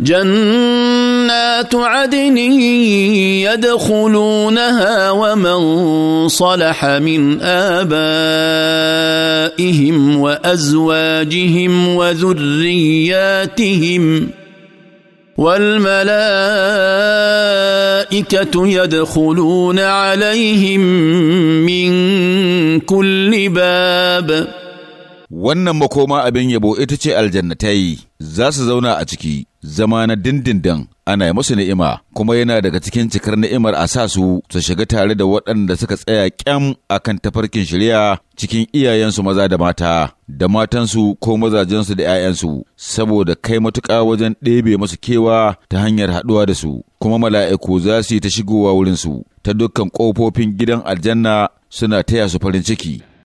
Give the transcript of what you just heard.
جنات عدن يدخلونها ومن صلح من ابائهم وازواجهم وذرياتهم والملائكه يدخلون عليهم من كل باب wannan makoma abin yabo ita ce aljannatai za su zauna a ciki zama na dindindin ana yi musu ni'ima kuma yana daga cikin cikar ni'imar a sa su su shiga tare da waɗanda suka tsaya kyam a kan tafarkin shirya cikin iyayensu maza da mata da matansu ko mazajensu da 'ya'yansu saboda kai matuƙa wajen ɗebe masu kewa ta hanyar haɗuwa da su kuma mala'iku za su yi ta shigowa wurinsu ta dukkan ƙofofin gidan aljanna suna taya su farin ciki